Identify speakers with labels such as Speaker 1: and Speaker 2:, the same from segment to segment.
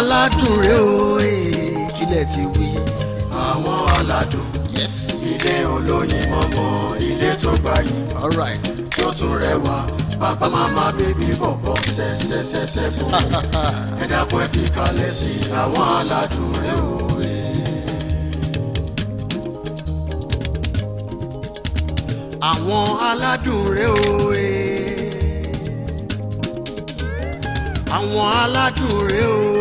Speaker 1: aládùn rè o eh. kílẹ̀ ti wí. àwọn aládùn ilé olóyin mọ́mọ́ ilé tó gbayì tó tún rẹwà papa mama baby bọ̀bọ̀ sẹ́sẹ́sẹ́sẹ́ fún mi ẹ dákun ẹ fi kalẹ̀ sí àwọn aládùn rè o. Eh. àwọn aládùn rè o. Eh. àwọn aládùn rè o.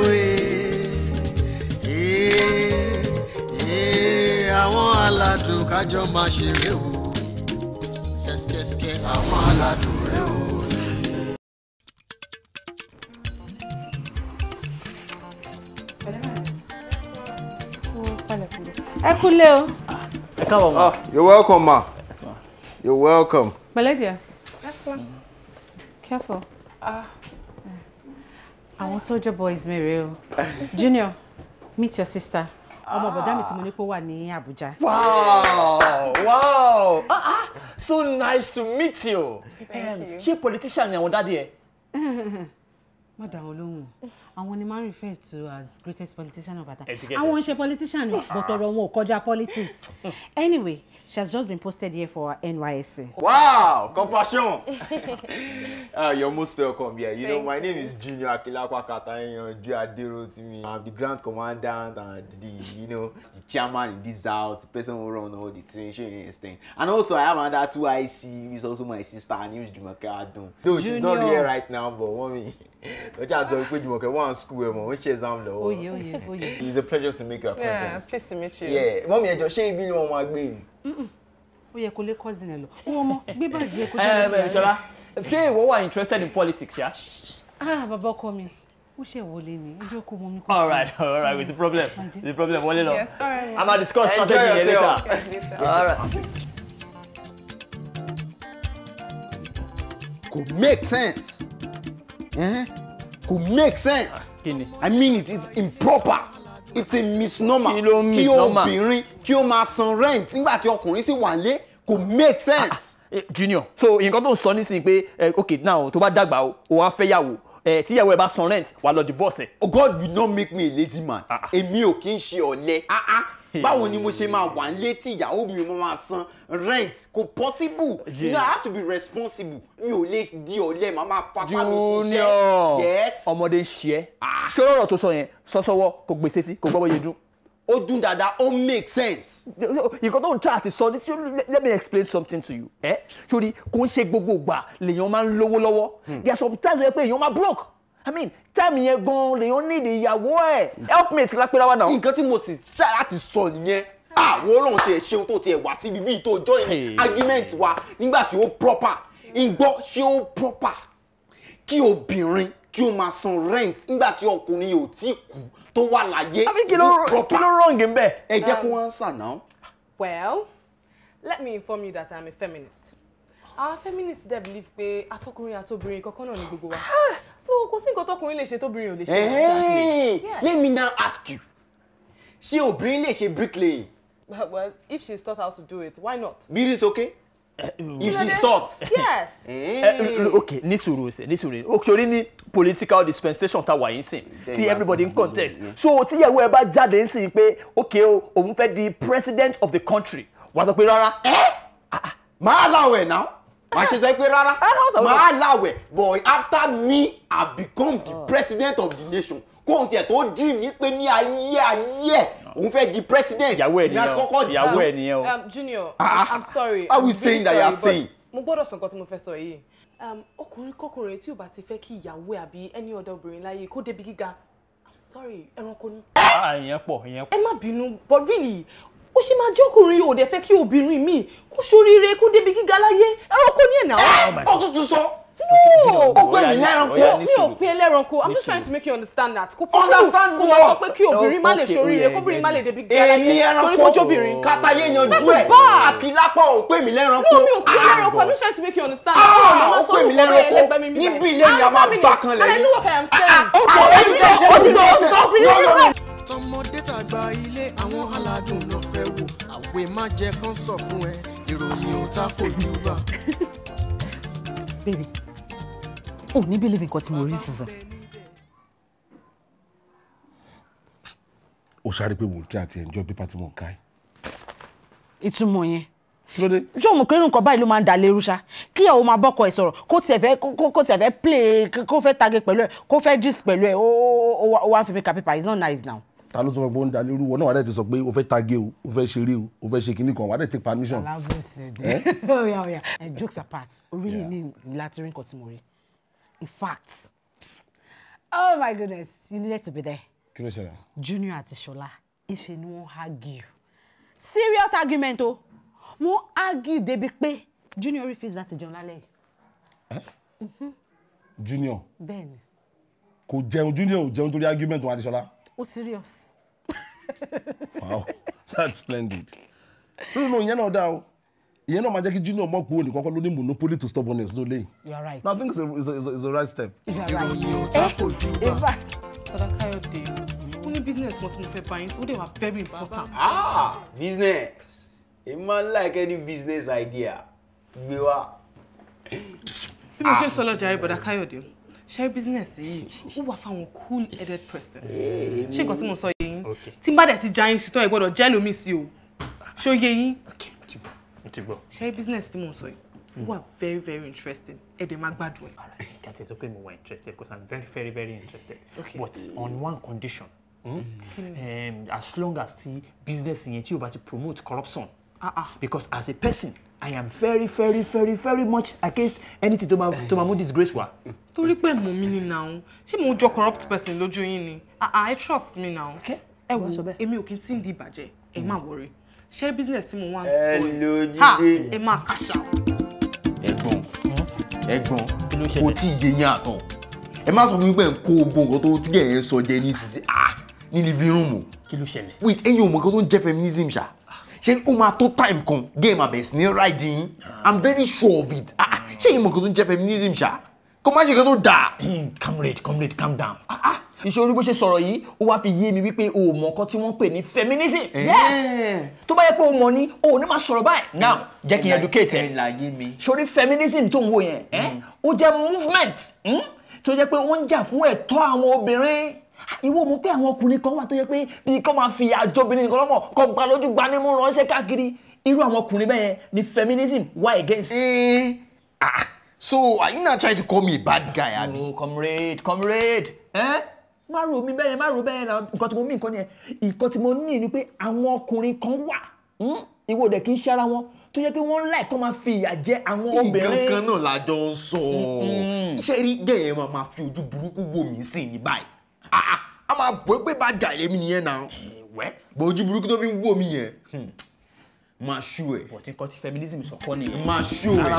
Speaker 1: aládùn kájọ máa ṣeré o ṣẹ́ṣkẹ́ṣkẹ́ àwọn aládùn rẹ o. ẹ kúlé o. ẹ káàbọ̀ ma. Ah, you're welcome ma. Yes, ma. you're welcome.
Speaker 2: pẹ̀lẹ́dìá. careful. Ah. àwọn soldier boys mi rèé o. junior meet your sister ọmọ bọ̀dá mi tí mo ah. ní kó wà ní Àbújá. wow
Speaker 1: wow ah ah so nice to meet you um, ṣé politician ni àwọn dáàdi ẹ. má dá wọn lóhùn àwọn ni máa ń refer
Speaker 2: to as greatest politician of our time àwọn ń ṣe politician ah. but ọ̀rọ̀ wọn ò kọjá politics anyway she has just been posted here for NYSC.
Speaker 1: wow compassion uh, you're most welcome here you Thank know my you. name is Junior Akilapa Katayanju Aderotimi i'm the grand commandant and the you know the chairman in this house the person who run all the things she understand and also i have another two IC who is also my sister her name is Jumoke Adun though she's not here right now but mommy have to sọ pé Jumoke wọn on school ẹ mọ̀ wọ́n ṣe oh yeah. oye it's a pleasure to make your acquaintance. yeah
Speaker 2: pleased to meet you. yeah
Speaker 1: mommy, I just ibi ni wọ́n máa gbé ni.
Speaker 2: ó yẹ kó lé cousin ẹ lọ ó wọ́n mọ gbé báàgì ẹ kó jẹ́ eh, eh, ẹ lọ. ṣọlá
Speaker 1: ṣé interested in politics ya.
Speaker 2: ah Baba, call me. ó ṣe wọlé ni ẹjọ́ kó mọ
Speaker 1: mi kó. all right all right with the problem the problem wọlé lọ. yes
Speaker 2: all right. a máa discuss strategy yẹn later.
Speaker 1: all right. Could make sense. Eh? Could make sense i mean it it's improper it's a misnomer kí obìnrin kí ó máa san rent nígbà tí ọkùnrin sì wà lé kò make sense. Ah, eh, junior so nǹkan tó ń sọ nísìnyí pé eh, ok now tó bá dàgbà o wàá fẹ́ yàwó ẹ eh, tí ìyàwó ẹ bá san rent wàá lọ divorce ẹ. Oh, god will not make me a lazy man ah, ah. èmi ò kí ń ṣe ọ̀lẹ báwo ni mo ṣe máa wà nílé tí ìyàwó mi mo máa san rent kò possible yeah. no i have to be responsible mi ò lè di ọ̀lẹ màá máa fapá mi ṣiṣẹ́ yes. ọmọdé ń ṣe ẹ́ ah. ṣé ọ̀rọ̀ tó sọ yẹn sọ́sọ́wọ́ kò gbèsè tí kò gbọ́ bóyá dún ó dùn dáadáa ó make sense. nǹkan tó ń try àti sọ ní let me explain something to you. sori eh? kò ń ṣe gbogbo ìgbà lèèyàn máa ń lówó lọ́wọ́ hmm. there are some sometimes where pé èèyàn máa broke i mean táìmì yẹn gan lèyàn ní èdè ìyàwó ẹ helpmate lápẹ́rẹ́ wa náà. nǹkan tí mo sì ṣá láti sọ nìyẹn àwọn ah, ọlọ́run tiẹ̀ ṣeun tó tiẹ̀ wá síbi bíi tó join argument wa nígbà tí ó proper ìgbọ́ ṣé ó proper kí obìnrin kí o máa san rent nígbà tí ọkùnrin yóò tí kú tó wà láyé ní proper. kí ló wrong ń bẹ̀. ẹ jẹ́ kó wọ́n sàn náà.
Speaker 2: well
Speaker 3: let me inform you that i'm a feminist our feminists there believe pé atọkùnrin àtobìnrin kankan náà ni gbogbo wa so kò sí nǹkan tọkùnrin lè ṣe tóbìnrin ò lè ṣe. let
Speaker 1: me now ask you ṣé obìnrin lè ṣe bricklaying.
Speaker 3: well if she taught how to do it why not.
Speaker 1: bill is okay. Uh, if eh, she taught. yes. uh, okay nísòro ṣe nísòro oh, òṣèré ní political dispensation tá a wà yín sìn everybody in context so tíyàwó ẹ bá jáde ń sìn pé okay o òun fẹ́ di president of the country wàá sọ pé rárá. ẹ ah, ah. máa láwẹ̀ náà màá ṣe sọ pé rárá ah, màá láwẹ̀ but after me I become the ah. president of the nation kóhun tiẹ̀ tó dream ní pé ní ayé ayé òun fẹ́ di president ìyàwó ẹ̀ nìyẹn o ìyàwó ẹ̀ nìyẹn o.
Speaker 3: Um, Junior ah, ah, I'm sorry how we saying that you saying. mo gbọ́dọ̀ sọ nǹkan tí mo fẹ́ sọ yìí um, ọkùnrin kọkùnrin tí ò bá ti fẹ́ kí ìyàwó àbí any other obìnrin láyé kó débi gíga sorry ẹranko ni.
Speaker 1: ìyẹn pọ̀ ìyẹn pọ̀.
Speaker 3: ẹ má bínú but really bó ṣe máa jẹ́ ọkùnrin yóò dẹ̀ fẹ́ kí obìnrin mi kó ṣoríire kó débi gíga láyé ẹranko ní ẹ̀nà. Ah! ó tuntun sọ.
Speaker 1: no ó pè mí lẹ́ranko. mi ò
Speaker 3: pè é ah! i'm just trying to make you understand that. kó pé kó máa
Speaker 1: sọ pé kí obìnrin má lè ṣoríire kóbìnrin má
Speaker 3: lè débi gíga láyé torí kó jóbìnrin.
Speaker 1: kàtàyé yanjú ẹ̀ àkìlápọ̀ ò pè mí lẹ́ranko. mi ò ah! pè é i'm just trying to make
Speaker 3: you understand. ó pè mí lẹ́ranko níbi ilé ìyá máa bá kan lẹ́yìn. tọmọdé tàgbà ilé àwọn
Speaker 1: aládùn ìwé má jẹ kán sọ fún ẹ ìròyìn ò tá fojú bá.
Speaker 2: baby ò ní bílíbi nǹkan tí mo rí sísè.
Speaker 4: ó sáré pé mo ń tẹ́ àti ẹ̀ńjọ́ pépà tí mo ń ká ẹ̀.
Speaker 2: ìtumọ̀ yẹn kí ló dé. ṣé o mọ̀ pé irú nǹkan báyìí ló máa ń da lérú ṣá kí ìyàwó máa bọ́kọ ẹ̀ sọ̀rọ̀ kó tiẹ̀ fẹ́ kó tiẹ̀ fẹ́ play kó fẹ́ tage pẹ̀lú ẹ̀ kó fẹ́ gist pẹ̀lú ẹ̀ ó wá fi mi kà pépà it's not nice now
Speaker 4: ta ló sọ pé ó ń dalé náà wà dẹ̀ ti sọ pé o fẹ́ tage o o fẹ́ ṣeré o o fẹ́ ṣe kinní kan wà dẹ̀ ti permission.
Speaker 2: alábòsí ni oh, oh, eh, jokes apart orílẹ̀ ní láti rí nǹkan tí mo rí in fact oh my goodness you needed to be there. kí ló ṣẹlẹ̀. junior àti ṣọlá ìṣe ni wọ́n argue serious argument o wọ́n argue débi pé junior refuse láti jẹun lálẹ́
Speaker 4: yìí. Mm-hmm. junior. bẹ́ẹ̀ni. kò jẹun junior ò jẹun torí argument wọn àti ṣọlá
Speaker 2: o serious.
Speaker 4: wow that's splendid No, no, ìyẹn náà dá o ìyẹn náà máa jẹ́ kí junior mọ̀ pé òní kọ́kọ́ ló monopoly to stubbornness ló léyìn. you are right. na i think it's a it's a it's a, it's a right step. you are
Speaker 3: right. ẹ ẹ eh, bá ọ̀dà káyọ̀dé ó ní business kan tí mo fẹ́ bá yín ó dẹ̀ wá very important.
Speaker 1: ah
Speaker 4: business
Speaker 1: a man like any business idea gbé wá. bí mo ṣe ah. sọ lọ́jà
Speaker 3: ẹ̀ bọ̀dà káyọ̀dé. Share business yìí ó wà fáwọn cool headed person ṣé nǹkan tí mo sọ yé yín tí n bá dẹ̀ ti já yín sí tán ẹ gbọ́dọ̀ jẹ́ lómi sí o ṣó yé yín ṣẹ́rí business tí mo sọ yìí ó wà very very interesting ẹ dẹ̀ máa
Speaker 1: gbádùn Alright. all right kàtí ẹ sọ mo wà interested because i'm very very very interested okay. but on one condition hmm? mm? Um, as long as ti business yẹn tí o bá ti promote corruption uh -uh. because as a person. I am very very very very much against anything to ma to ma mú disgrace Wa.
Speaker 3: Torí pé mọ̀ mí ni now. Ṣé mo jọ corrupt person lójú yín ni? Ah, ah, I trust me now. Ẹ wo èmi ò kí n sí ń di ìbàjẹ́, ẹ má worry. Ṣé business tí mo wá ń sọ
Speaker 1: yìí? Ha! Ẹ máa kàṣà. Ẹ̀gbọ́n hmm? ẹ̀gbọ́n kò tí ì yé yín àtọ̀. Ẹ má sọ fún mi pé ń kó gbogbo nǹkan tó tí ẹ̀ ń sọ jẹ ní ìsinsìnyí. Ah! Ní living room. Kí Wait, ẹ̀yin ò mọ̀ nǹkan tó ń jẹ́ feminism ṣá ṣé ó máa tó time kan game abẹ́sì ní ride yín i'm very sure of it ah, ah, ṣé ìmọ̀ kan tó ń jẹ́ feminism ṣá kó má ṣe kan tó dà. comrade comrade calm down ah, ìṣòro bó ṣe sọ̀rọ̀ yìí ó wá fi yé mi wípé o ò mọ nǹkan tí wọ́n pè ní feminism eh. yes tó bá yẹ pé o mọ̀ ni o ò ní máa sọ̀rọ̀ báyìí now jẹ́ kí n educate ẹ sórí feminism tó ń wò yẹn eh? hmm. ó jẹ́ movement hmm? tó jẹ́ pé ó ń jà fún ẹ̀tọ́ àwọn obìnrin ìwọ mọ̀ pé àwọn ọkùnrin kan wà tó yẹ pé bí kò máa fi àjọbìnrin nìkan lọ́mọ̀ kò gbà lójú gba ní mú ránṣẹ́ káàkiri irú àwọn ọkùnrin bẹ́ẹ̀ ni feminism wà against. Eh, ah so are you not trying to call me a bad guy abi. no comrade comrade. Eh? má rò mí bẹ́ẹ̀ má rò bẹ́ẹ̀ na nǹkan tí mo mí nǹkan nìyẹn nǹkan tí mo ní ni pé àwọn ọkùnrin kan wà hmm? ìwọ dẹ̀ kì í ṣe ara wọn tó yẹ kí wọ́n láì kọ́ máa fi ìyà jẹ àwọn obìnrin. nǹkan kan náà la jọ ń sọ ṣé rí dẹ́yẹ̀ máa fi ojú burúkú wò mí sí ní báyìí Ah, ah, a máa pè é pé bá jà lèmi nìyẹn náà bó ojú burúkú tó fi ń wò mí yẹn hmm. máa ṣú ẹ. bọ̀tí nǹkan tí feminism sọ kọ́ nìyẹn. máa ṣú ẹ.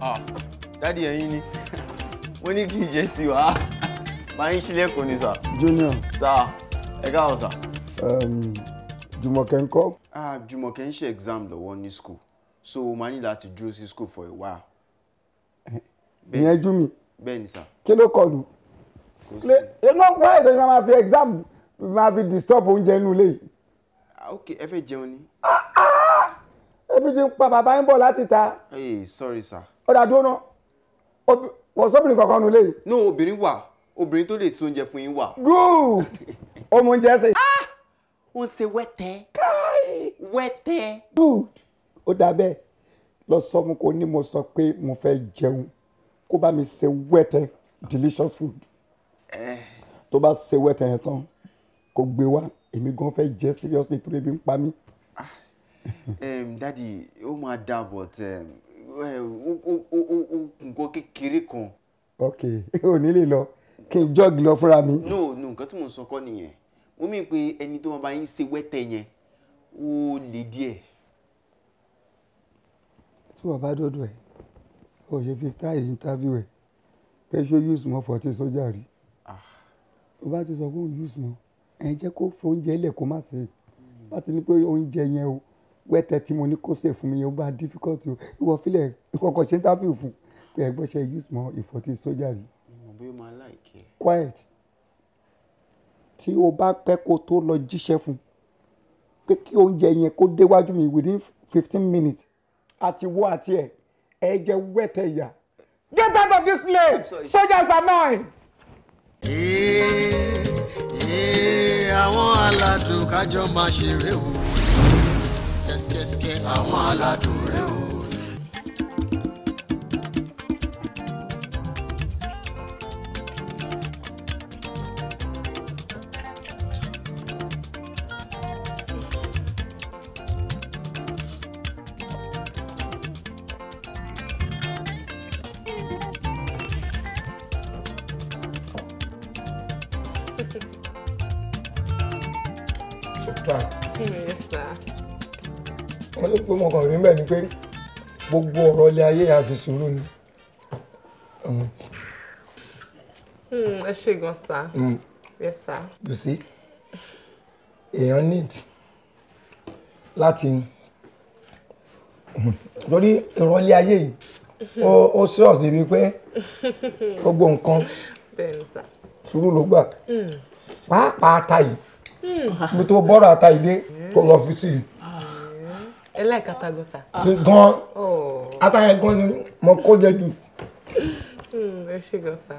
Speaker 1: ah dádì ẹ̀yin ni wọ́n ní kí n ṣe sí wa máa ń ṣílẹ̀kùn ni sà. junior. sà ẹ káàbọ̀ sà.
Speaker 5: jùmọ̀kẹ́ ń kọ́.
Speaker 1: Jùmọ̀kẹ́ ń ṣe exam lọ́wọ́ ní school so o máa ní láti dúró sí school for a while. ìyẹn jú mi bẹ́ẹ̀ni sà.
Speaker 5: kí ló kọlù iná wá ẹ̀sẹ̀ ṣe máa fi exam máa fi disturb oúnjẹ inú ilé yìí.
Speaker 1: Ah, ok ẹ fẹ́ jẹun ni. Ah, ah,
Speaker 5: ebi ti ń pa bàbá ń bọ̀ láti ta.
Speaker 1: ee sorry sir. ó dà dúró náà wọ́n sóbìnrin kankan nu ilé yìí. no obìnrin wà obìnrin tó lè se oúnjẹ fún yín wà. gúù ó mú oúnjẹ ṣe. ó ń ṣe wẹ́tẹ́. káà wẹ́tẹ́.
Speaker 5: good ó dà bẹ́ẹ̀ lọ sọ fún kò ní mo sọ pé mo fẹ́ jẹun kó bá mi ṣe wẹ́tẹ́ delicious food eh. tó bá ṣe wẹ́tẹ́ yẹn tán kó gbé wá èmi gan fẹ́ jẹ seriously torí ebi ń pa mí. Ah,
Speaker 1: dadi ó máa dà but eh, nǹkan kékeré kan.
Speaker 5: ok ò ní lè lọ kí n jọ́ọ̀gì lọ fúnra mi.
Speaker 1: no no nǹkan tí mò ń sọ kọ́ nìyẹn mo mì pé ẹni tó máa bá yín ṣe wẹ́tẹ́ yẹn ó le díẹ̀.
Speaker 5: tí wọ́n bá dọ́dọ̀ ẹ̀ ó ṣe fi style interview ẹ̀ pé ṣó use mọ́ fourteen sójà rí ó ah. bá ti sọ pé use mọ́ ẹ̀yin jẹ́ kó fún oúnjẹ ilẹ̀ kó má ṣe é hmm. bá ti ní pé oúnjẹ yẹn o wẹ́tẹ̀ tí mo ní kó ṣe fún mi yẹn ó bá difficult o ìwọ fílẹ̀ kọ́kọ́ ṣe interview fún pé ẹgbẹ́ ṣe use mọ́ ìfọ̀tí sójà rí. quiet tí o bá pẹ́ kó tó lọ jíṣẹ́ fún un pé kí oúnjẹ yẹn kó déwájú mi within fifteen minutes àti wo àti ẹ̀ ẹ jẹ́ wẹ́tẹ̀ ìyá get out of this place soldiers are mine.
Speaker 1: àwọn aládùn kájọ máa ṣeré o ṣẹ́ṣkẹ́ṣkẹ́ àwọn aládùn rẹ o.
Speaker 5: ni pé gbogbo ọ̀rọ̀ ilé ayé àfi sùúrù ni.
Speaker 3: Hmm, ẹ ṣe gan sa. Hmm. yes sir.
Speaker 5: you see èèyàn need láti lórí ọ̀rọ̀ ilé ayé yìí ó serious débi pé gbogbo nǹkan sùúrù ló gbà hmm. pàápàá ata yìí nítorí bọ́ọ̀rọ̀ ata yìí dé kó lọ fi sí i
Speaker 3: ẹ láì kata gan sa.
Speaker 5: gan atayẹ gan ni mo kó jẹ jù.
Speaker 3: Hmm, ẹ ṣe gan sa.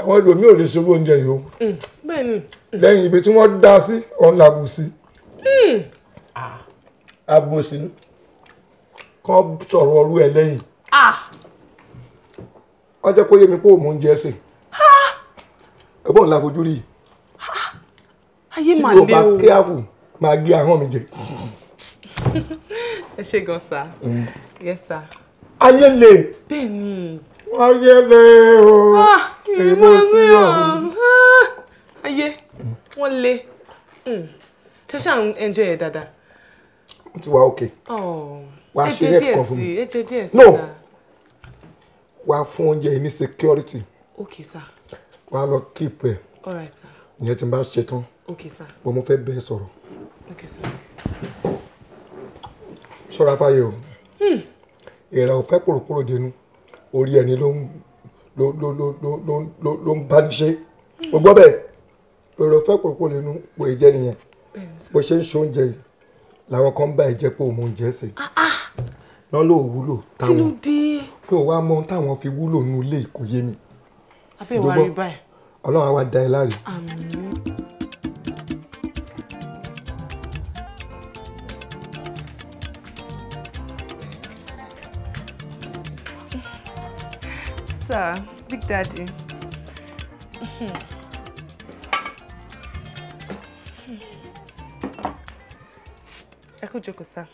Speaker 5: àwọn ẹlòmíì ò lè ṣòro oúnjẹ yìí o.
Speaker 3: Hmm, bẹ́ẹ̀ ni.
Speaker 5: lẹ́yìn ibi tí wọ́n dá sí ọ̀hún làbùsí. àbòsí hmm. kọ́ sọ̀rọ̀ ọrú ẹ lẹ́yìn. Ah wọ́n jẹ́ kó yé mi pé òun jẹ́ ẹsẹ̀ ẹ̀bọ́n ńlá fojú rí i ayé màá lé o tí mo bá kíáfù máa gé ahọ́n mi jẹ.
Speaker 3: ẹ ṣe gan sa mm. yes sa. ayé le. bẹ́ẹ̀ ni.
Speaker 5: ayé le o èyí mo sí ọ̀hún.
Speaker 3: ayé wọ́n le ṣe ṣe àwọn ẹnjọ yẹn dáadáa.
Speaker 5: mo ti wá òkè oh. wá ṣe rẹ fún mi.
Speaker 3: ẹ jẹ díẹ̀ sí ẹ jẹ díẹ̀ sí dáa
Speaker 5: wá fún oúnjẹ yìí ní security. ok sir. wá lọ keep ẹ. all right sir. ìyẹn tí n bá ṣe tán. ok sir. bọ́ mo fẹ́ bẹ́ẹ̀ sọ̀rọ̀. ok sir. ṣọ́ra fáyé o. Hmm. ìrà ò fẹ́ pòròpòrò dénú orí ẹni ló ń ló ló ló ló ló ló ń bá ní ṣe. o gbọ́ bẹ́ẹ̀ ìrà ò fẹ́ pòròpòrò dénú pò ìjẹ́ nìyẹn bó ṣe ń ṣe oúnjẹ yìí làwọn kan bá ẹ jẹ́ pé òun ò jẹ́ sí. lọ́n ló wúlò táwọn mi ò wá mọ ohun táwọn fi wúlò nínú ilé ìkó yé mi.
Speaker 1: abẹ́ ìwà rí báyìí.
Speaker 5: ọlọ́run á wá da ẹ láre.
Speaker 3: sir big daddy. ẹ kú jókòó sir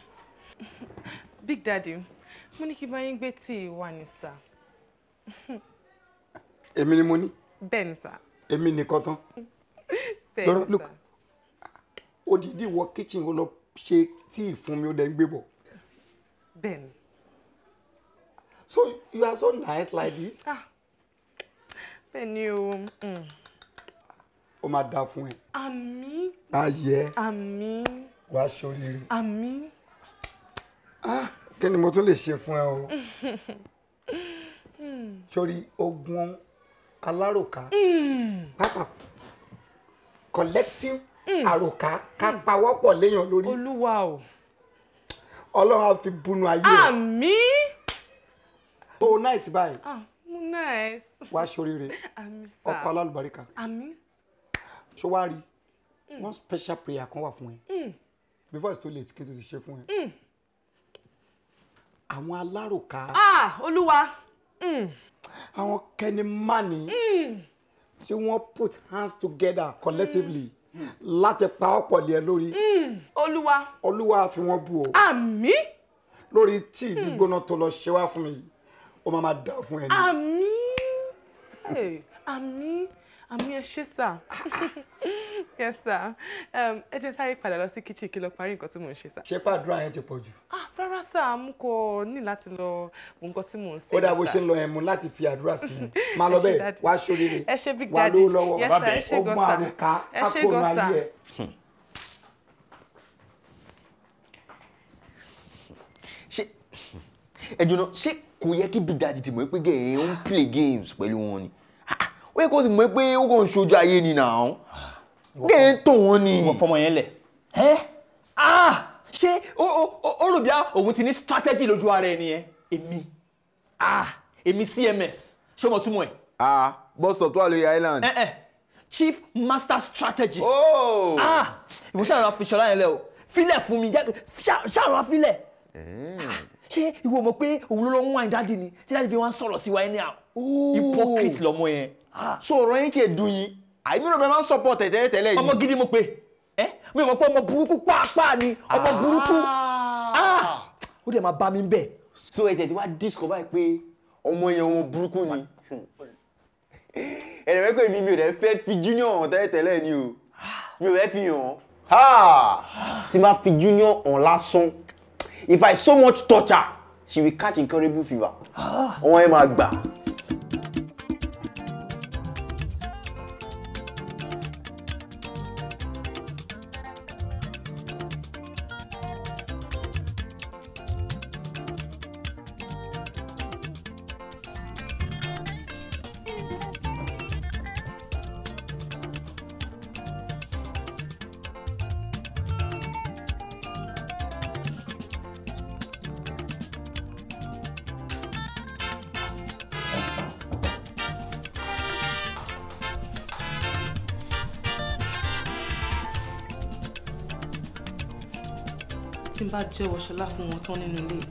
Speaker 3: big daddy mo ní kí n bá yín gbé tíì wá ní sà.
Speaker 5: èmi ni mo ní. bẹ́ẹ̀ ni sà. èmi nìkan tán. bẹ́ẹ̀ ni sà. odidi wọ kitchen ó lọ ṣe tíì fún mi ó dẹ̀ ń gbé bọ̀. bẹ́ẹ̀ ni. so you are so nice like this. ah bẹ́ẹ̀ ni o. Mm ó máa dáa fún ẹ. àmín.
Speaker 3: ayẹ. àmín.
Speaker 5: wàá ṣoríire.
Speaker 3: àmín. ah
Speaker 5: kí ni mo tún lè ṣe fún ẹ
Speaker 3: o
Speaker 5: sórí ogun aláròká hmm. pápá collecting hmm. àròká hmm. ká pawọ́pọ̀ léèyàn lórí olúwa o ọlọ́run á fi bunu ayé ẹ àmín o nice báyìí
Speaker 3: ah, mo nice
Speaker 5: wá sóríire ọkọ alálùbáríkà àmín ṣó wá rí one special prayer kan wà fún ẹ before it's too late kí n tó ti ṣe fún ẹ àwọn alárùká. ah olúwa. Hmm. àwọn kẹni mánì hmm. tí wọ́n put hands together collectively mm. láti pa ọ̀pọ̀ lé ẹ lórí. olúwa. olúwa fi wọ́n bù o. àmín. lórí tí ìdígbóná tó lọ ṣe wá fún mi ó máa máa dà fún ẹ ní. àmín
Speaker 3: àmín àmín ẹ ṣé sà. Ah, ah yes sir um, ẹ jẹ́ sáré padà lọ sí kitchen kí lọ parí nǹkan tí mò ń ṣe sá. ṣé pàdúrà yẹn ti pọ̀ jù. ah rárá sá mo kò ní láti lọ wo nǹkan tí mò ń ṣe. ó dà bó ṣe ń lọ
Speaker 5: yẹn mu láti fi àdúrà sí i máa lọ bẹ́ẹ̀ wá sóríire
Speaker 3: wá lówó lọ́wọ́ bàbá ogun àrùn
Speaker 1: ká àkóónú ayé ẹ. ṣé ẹ jùlọ ṣé kò yẹ kí Big ti mọ̀ pé gẹ̀ẹ́ ń play games pẹ̀lú wọn ni ah, ah, ó yẹ kó ti mọ̀ pé ní tò wọ́n ni. wọ́n fọmọ yẹn lẹ̀ ẹ́ ah ṣé ó rò bí a òun ti ní strategy lójú ara ẹni yẹn èmi ah èmi cms ṣé mo túmọ̀ ẹ̀. ah bus stop tó wà lórí island. ẹ ẹ chief master strategist. Oh. ah ìmúṣẹ́ àwọn afisọ́lá yẹn lẹ o filẹ̀ fún mi ṣàrọ̀ filẹ̀ eh. ah! ṣé ìwọ mọ̀ pé òun ló lọ ń wáyé dáàdì ni tí dáàdì fi wá ń sọ̀rọ̀ sí wa ẹni à oh! hypocrite lọ́mọ yẹn. Ah! so ọ̀rọ̀ yẹn tiẹ̀ dùn yín àìmí rẹ̀ máa ń support tẹ̀tẹ̀rẹ̀ tẹ́lẹ̀ yìí. ọmọ gidi mo pe ẹ mi ò mọ̀ pé ọmọ burúkú pàápàá ni ọmọ ah. burúkú ah, ó dẹ̀ máa bá mi bẹ̀. so ẹ tẹ̀tẹ̀ wá discover pé ọmọ yẹn ọmọ burúkú ni ẹ̀rẹ̀ mẹ́kọ̀ mi mi ò dẹ̀ fẹ́ fi junior hàn tẹ́lẹ̀tẹ́lẹ̀ ni o mi ò fẹ́ fi hàn tí bá fi junior hàn lásán if I so much torture she will catch incurable fever ah. ọmọ yẹn máa gbà.
Speaker 3: tí n bá jẹ́wọ́ ṣọlá fún wọn tán nínú ilé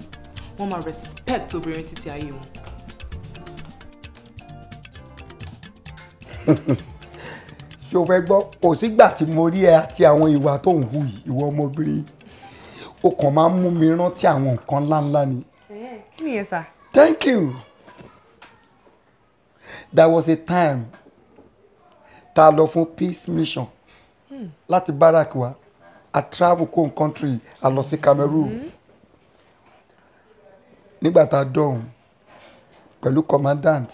Speaker 3: wọ́n máa respect obìnrin títí ayé wọn.
Speaker 5: ṣé o fẹ́ gbọ́ kò sígbà tí mo rí ẹ àti àwọn ìwà tó ń hù yìí ìwọ ọmọbìnrin o kàn máa ń mú mi rántí àwọn nǹkan ńláńlá ni.
Speaker 3: Eh, kí ni yẹn sà.
Speaker 5: thank you there was a time tá lọ fún peace mission hmm. láti báràkì wa. Hmm a travel home country a lọ sí Cameroon mm-hmm. nígbà tá a dọ̀hún pẹ̀lú commandant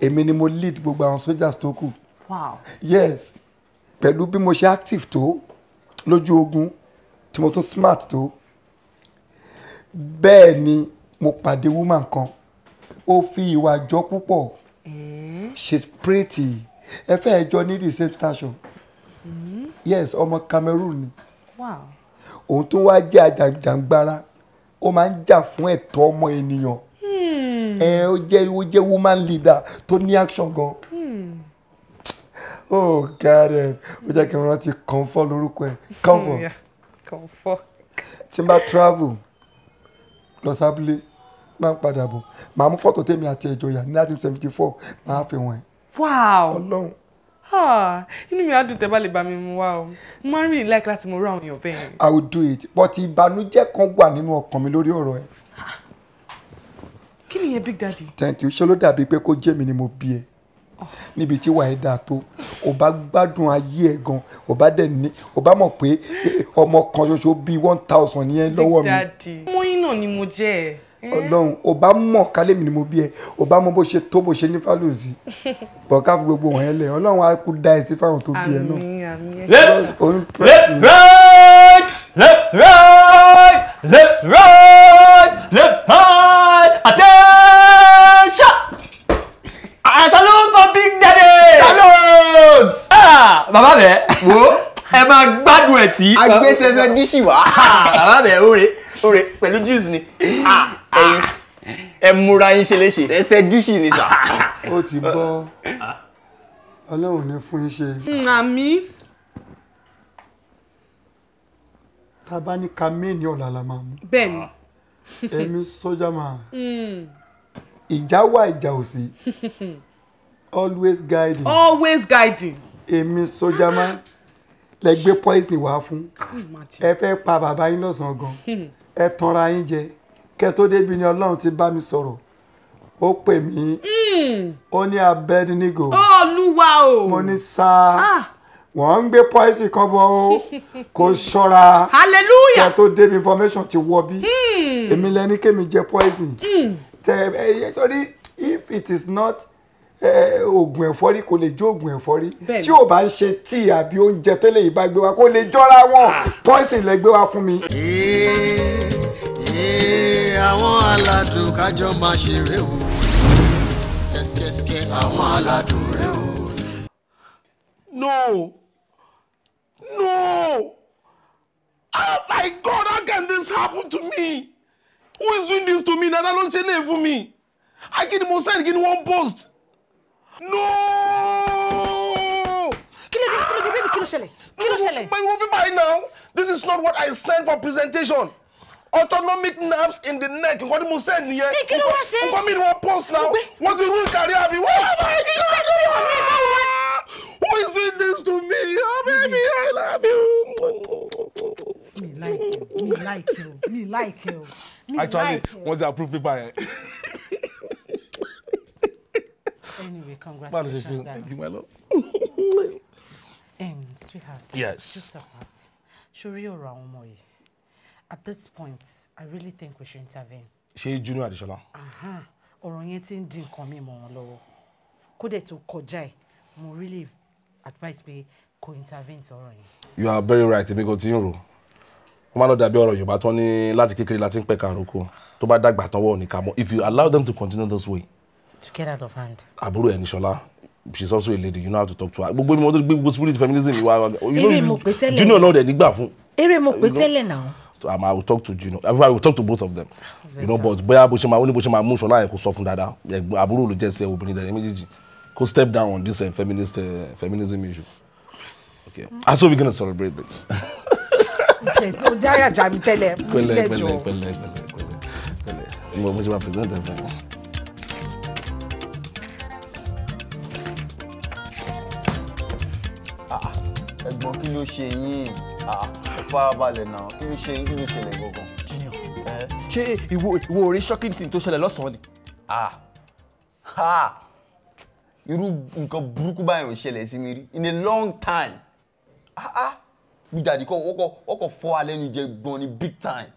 Speaker 5: èmi ni mo lead gbogbo àwọn soldiers tó kù wow yes pẹ̀lú bí mo ṣe active tó lójú ogun tí mo tún smart tó bẹ́ẹ̀ ni mo pàdé woman kan ó fi ìwà jọ púpọ̀ is eh? pretty ẹ fẹ́ jọ ní the same station. Mm -hmm yes ọmọ Cameroon ni òun tó wá jẹ́ àjàǹgbara ó máa ń jà fún ẹ̀tọ́ ọmọ ènìyàn
Speaker 3: hmm.
Speaker 5: ẹ ó jẹ́ ó jẹ́ woman leader tó ní action gan hmm. oh god ó jẹ́ kí n rántí comfort lórúkọ ẹ̀ comfort tí n bá travel lọ sábúlé máa ń padà bọ̀ màá mú fọ́tò tèmi àti ẹ̀jọ̀ yà ní 1974 máa fi wọ̀nyí.
Speaker 3: wow ọlọ́run inú mi á dùn tẹ́ bá lè bá mi mú wá o mo máa ń rí like láti mo rú àwọn èèyàn bẹ́ẹ̀.
Speaker 5: I will do it but ìbànújẹ́ kan wà nínú ọkàn mi lórí ọ̀rọ̀ ẹ̀.
Speaker 3: kí nìyẹn big daddy.
Speaker 5: thank you ṣé ló dàbí pé kó jẹ́ mi ni mo bí ẹ oh. níbi tí wàá dáa tó o bá gbádùn ayé ẹ gan o bá dẹ̀ ní o bá mọ̀ pé eh, ọmọ kan ṣoṣo bíi one thousand yẹn lọ́wọ́ mi. big daddy
Speaker 3: mọ́yìn náà ni mo jẹ́ ẹ̀. Eh?
Speaker 5: ọlọ́run ò bá mọ̀ kálẹ̀ mi ni mo bí ẹ ò bá mọ̀ bó ṣe tó bó ṣe ní fálòsì bọ̀ ká fi gbogbo wọn lẹ̀ ọlọ́run á kú dá ẹ fáwọn tó bí ẹ
Speaker 3: náà. left
Speaker 5: right left right left right
Speaker 1: left right attention I for big daddy. salute. Ah, bàbá rẹ̀ wo ẹ máa gbádùn ẹ̀ tí. agbésẹsẹ díṣì wá ah, bàbá rẹ̀ ó rè ó rè pẹ̀lú juice ni. Ah ẹ múra yín ṣe léṣe. ẹsẹ̀ díṣì ni sà. ó ti
Speaker 5: bọ́ ọlọ́run ní fún yín ṣe. Hmm, àmín. tá a bá ní ká méèní ọ̀la la máa mú. bẹ́ẹ̀ni. èmi sójà máa hmm. ìjà wà ìjà ò sí always guiding. always guiding. èmi sójà máa lẹ gbé poison wá fún
Speaker 3: ah,
Speaker 5: ẹ fẹ́ pa bàbá yín lọ́sàn-án gan hmm. ẹ tanra yín jẹ kẹ́ tó débi ni ọlọ́run ti bá mi sọ̀rọ̀ ó pè mí hmm. ó ní Abednego olúwa o mo ní sáà ah. wọ́n ń gbé pọ́ìsì kan bọ̀ ó kò ṣọ́ra hallelujah kẹ́ tó débi information ti wọ bí
Speaker 3: hmm. èmi
Speaker 5: lẹ́ni kémi jẹ pọ́ìsì hmm. tẹ ẹ yẹ torí if it is not oògùn ẹ̀fọ́rí kò lè jó oògùn ẹ̀fọ́rí tí ò bá ń ṣe tíì àbí oúnjẹ tẹ́lẹ̀ yìí gbé wa kó lè jọra wọn pọ́ìsì lẹ wa fún mi
Speaker 1: àwọn aládùn kájọ máa ṣeré o ṣẹ́ṣkẹ́ṣkẹ́ àwọn
Speaker 4: aládùn rẹ o. no no oh my god how can this happen to me who is doing this to me nana ló ń ṣe lè fún mi akini mo send kini one post no. kí ló dé kí ló dé baby kí ló ṣẹlẹ̀ kí ló ṣẹlẹ̀. gbogbo pípa yìí now this is not what I sent for presentation autonomic nerves in the neck nǹkan tí mo sẹ́ nìyẹn nǹkan mi ni wọ́n post now wọ́n ti rún kárí I wọ́n. Oh Who is doing this to me? Oh, baby, I love you. Me like
Speaker 2: you. Me like you. Me like you.
Speaker 4: Me Actually, like you. once I approve people, Anyway,
Speaker 2: congratulations, Thank you, my love. um, sweetheart. Yes. Sweetheart. Ṣorí ọ̀rọ̀ àwọn ọmọ yìí at this point i really think we should intervene.
Speaker 4: ṣé Junior Adesola.
Speaker 2: ọ̀rọ̀ yẹn ti ń di nǹkan mi mọ́ wọn lọ́wọ́ kódẹ̀ tó kọjá ẹ̀ mo really advise pé kò intervene sọ̀rọ̀ yẹn.
Speaker 4: you are very right èmi kò tí ń rò wọ́n máa ń lọ dàbí ọ̀rọ̀ yorùbá tán ní láti kékeré láti ń pẹ̀ kàrókò tó bá dàgbà tọwọ́ ní kàmọ́ if you allow them to continue this way.
Speaker 2: to get out of hand.
Speaker 4: àbúrò ẹni ṣọlá she is also a lady you know how to talk to her gbogbo mi wọn tó gbé gbogbo spirit feminism wa you know you junior náà dẹ̀ nígbà fún.
Speaker 2: eré mo pè tẹ́lẹ̀ náà
Speaker 4: um, I will talk to Gino everybody will talk to both of them That's you know but bóyá bó ṣe máa ó ní bó ṣe máa mú ṣọlá yẹn kó sọ fún dáadáa àbúrò ló jẹ́ sí obìnrin dẹ̀ méjèèjì kó step down on this uh, feminist uh, feminism issue okay mm -hmm. and so we gonna celebrate this.
Speaker 2: ìtẹ̀tí o dára jà mí tẹ́lẹ̀ mú ilé jọ. pẹ̀lẹ́ pẹ̀lẹ́
Speaker 4: pẹ̀lẹ́ pẹ̀lẹ́ mo mo ṣe máa present ẹ fún mi.
Speaker 1: Ah, ẹ̀gbọ́n kí ló ṣe yín. Ah, farabalẹ̀ náà kí ló ṣe kí ló ṣẹlẹ̀ gangan. Eh? ṣé ìwọ ìwọ orí ṣọ́kìtì tó ṣẹlẹ̀ lọ́sàn-án ni. Ah. irú nǹkan burúkú báyìí ò ṣẹlẹ̀ sí mi rí in a long time ah, gbìjàdì kọ wọ́n kọ fọ́ alẹ́ nu jẹ gan ni big time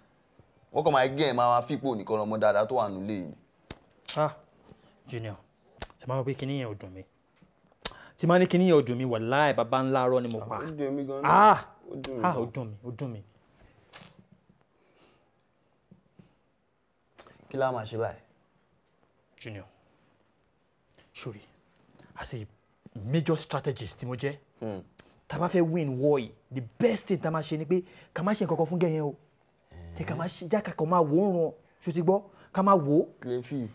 Speaker 1: wọ́n kọ máa gé ẹ̀ máa fipò nìkan ọmọ dáadáa tó wà nílé yìí. junior ṣe máa wọ pé kinní yẹn ò dùn mí tí máa ní kinní yẹn ò dùn mí wàláì bàbá ńlá arọ ni mo pa. àwọn ìdùnnú mi gan-an ah ó dùn mí ó dùn mí. kí la máa ṣe báyìí. junior sori as a major strategist tí mo jẹ́ hmm. tá bá fẹ́ win war yìí the best thing tá a máa ṣe ni pé ká má ṣe nǹkan kan fún gẹ̀yẹn o tẹ ká má ṣe jákàkọ́ máa wò ó ràn ṣó ti gbọ́ ká má wò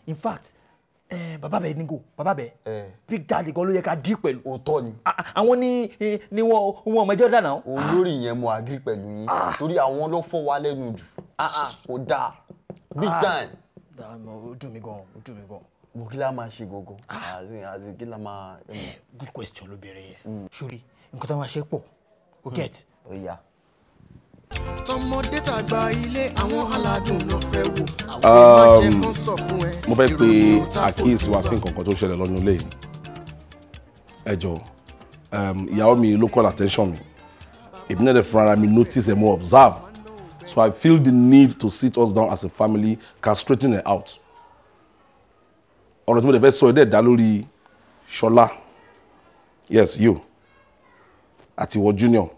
Speaker 1: in fact Eh, Baba bẹ ní go bàbá bẹ eh. big daddy gan ló yẹ ká dí pẹ̀lú. òótọ́ ni. Ah, ah, àwọn ni ni wọn wọn ọmọ ẹjọ́ olórí yẹn mo agree pẹ̀lú yín ah. torí àwọn ló fọ́ wa lẹ́nu jù kò dáa big time. ó dùn mí gan ó dùn mí gan. mo kí la máa ṣe gbogbo àti kí la eh. good question lóbìnrin yẹn. Mm. sori nǹkan tó máa ṣe pọ̀ o hmm. get. ó yá tọmọdé tàgbà ilé àwọn aládùn ló fẹ́ wò àwọn ìbàjẹ́ um, kan sọ fún ẹ. mo
Speaker 4: fẹ́ pe àkíyèsí wa sí nǹkan kan tó ṣẹlẹ̀ lọ́nu ilé yìí um, ìyàwó mi ló call attention mi èmi náà dẹ̀ fúnra mi notice ẹ̀ mo observe so I feel the need to sit us down as a family can straighten it out ọ̀rọ̀ tí mo dẹ̀ fẹ́ sọ ẹ̀ dẹ̀ dá lórí Ṣọlá yes you àti ìwọ junior.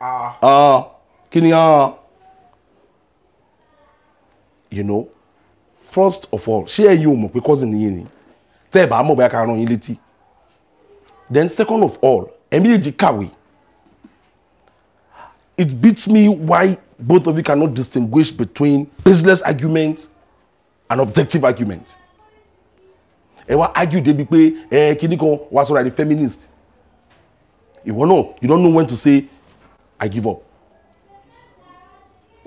Speaker 4: Uh. Uh, kìnìyàn you know first of all ṣé ẹ̀yin ò mọ̀ pé cousin yín ni tẹ́ ẹ̀ bá mọ̀ bóyá ká rán yín létí then second of all ẹ̀mí èjì kàwé it beats me why both of you cannot distinguish between baseless arguments and objective arguments ẹ wá argue débi pé ẹ kíní kan wá sọ̀rọ̀ àdé feminist ìwọ náà you don't know when to say i give up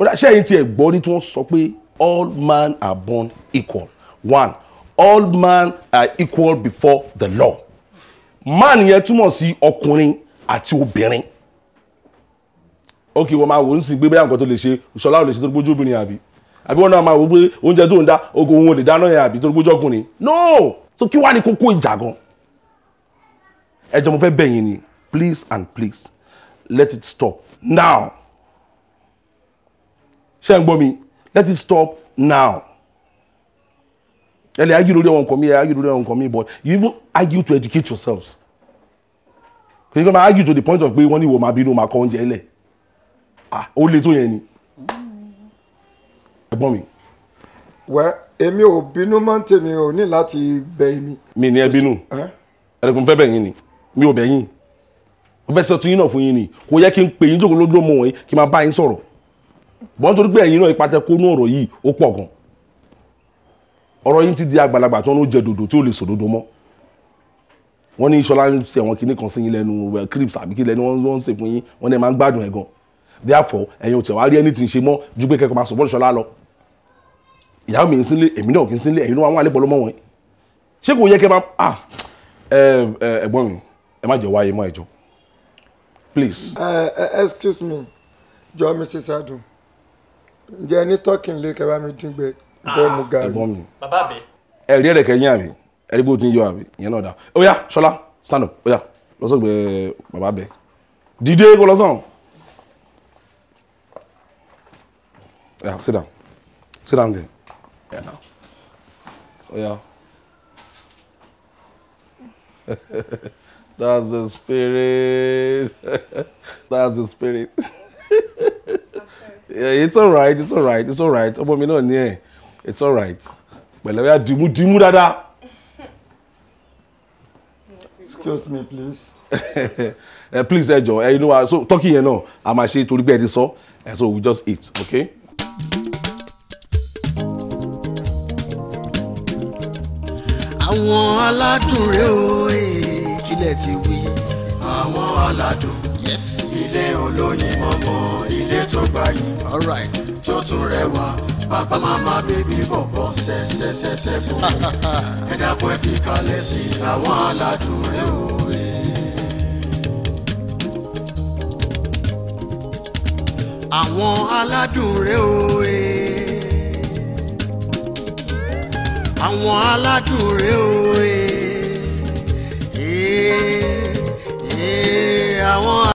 Speaker 4: ó dá sẹ́yìn tiẹ̀ gbọ́ ní tí wọ́n sọ pé all men are born equal one all men are equal before the law man yẹn túmọ̀ sí ọkùnrin àti obìnrin ok wọ́n máa wò ó sì gbé bẹ́ẹ̀ nǹkan tó lè ṣe ìṣọlá ò lè ṣe tó gbójú obìnrin àbí àbí wọ́n náà máa wò ó pé oúnjẹ tó ń dá ogun òun ò lè dáná yẹn àbí tó gbójú ọkùnrin no so kí wàá ní kókó ìjà gan ẹ jọ̀ọ́ mo fẹ́ bẹ̀ yín ni please and please let it stop now ṣé ń gbọ́ mi let it stop now ẹ lè argue lórí àwọn nǹkan mi ẹ argue lórí àwọn nǹkan mi but you even argue to educate yourselves kò ní kí wọ́n máa argue to the point of pé wọ́n ní ìwọ máa bínú máa kọ́ oúnjẹ lẹ̀ ah ó le tó yẹn ni ẹ̀gbọ́n mi.
Speaker 5: wẹ́ èmi ò bínú mọ́ tèmi ò ní láti bẹ̀ èmi.
Speaker 4: mi ni ẹ bínú ẹ̀rẹ̀kùn fẹ́ bẹ̀ yín ni mi ò bẹ̀ yín mo fẹ́ sọ tún yín náà fún yín ni kò yẹ kí n pè yín jókòó lójú ọmọ wọ̀nyí kí n máa bá yín sọ̀rọ̀ bọ́n torí pé ẹ̀yin náà ipa tẹkónú ọ̀rọ̀ yìí ó pọ̀ gan ọ̀rọ̀ yìí ti di àgbàlagbà tí wọ́n ló jẹ dòdò tí ò lè sòdodo mọ́ wọ́n ní Ṣọlá ń ṣe àwọn kinní kan sí yín lẹ́nu well eh, crips àbí kí lẹ́nu wọ́n ń ṣe fún yín wọ́n ní ẹ̀ máa ń gbádùn ẹ̀ gan therefore ẹ̀yin ò tẹ̀ rí ẹni tí ń ṣe mọ́ ju pé kẹ́kọ̀ọ́ máa sọ bọ́ọ̀lù lọ ìyàwó mi ń èmi náà kì í sínlé ẹ̀yin náà wọ́n àlébọ̀ lọ́mọ wọn ṣé kò yẹ kẹ́ máa ah, ẹ̀gbọ́n mi ẹ má jẹ́ wáyé mọ́ ẹ̀jọ̀ please.
Speaker 5: Uh, uh, excuse me jọ Mrs. Adun ǹjẹ́ ní tọ́kì nílé kẹ́ bá mi dín gbẹ
Speaker 4: fẹ́ mu gàrí. ẹ̀gbọ́n mi bàbá mi. ẹ̀rí ẹ̀rẹ̀ kẹ́yìn àbí ẹ̀rí bó ti ń yọ àbí ìyẹn náà dá ó yá Ṣọlá stand up ó yá lọ́sọ̀gbẹ́ bàbá bẹ́ẹ̀ dìde kó lọ́sàn. Yeah, sit down. Sit down there. Yeah, now. Oh, yeah. That's the spirit. That's the spirit. it's all right. it's all right. it's all right. ọmọ mi náà ní ẹ̀ it's all alright pẹ̀lẹ́ ya dìmú dìmú dáadáa.
Speaker 5: excuse me please.
Speaker 4: uh, please ẹ jọ̀ọ́ ẹ inú wa so talking, yẹn náà a máa ṣe torí bí ẹ ti sọ eh, so we just eat okay.
Speaker 1: àwọn aládùn rèé o eh, kílẹ̀ ti wí. àwọn aládùn ilé olóyin mọ́mọ́ báyìí. alright. tó tún rẹwà papa mama bébí bọ̀bọ̀ ṣẹṣẹṣẹṣẹ fún mi. ẹ dákun ẹ fi kalẹ̀ sí àwọn aládùn rẹ o. àwọn aládùn rẹ òye àwọn aládùn rẹ òye àwọn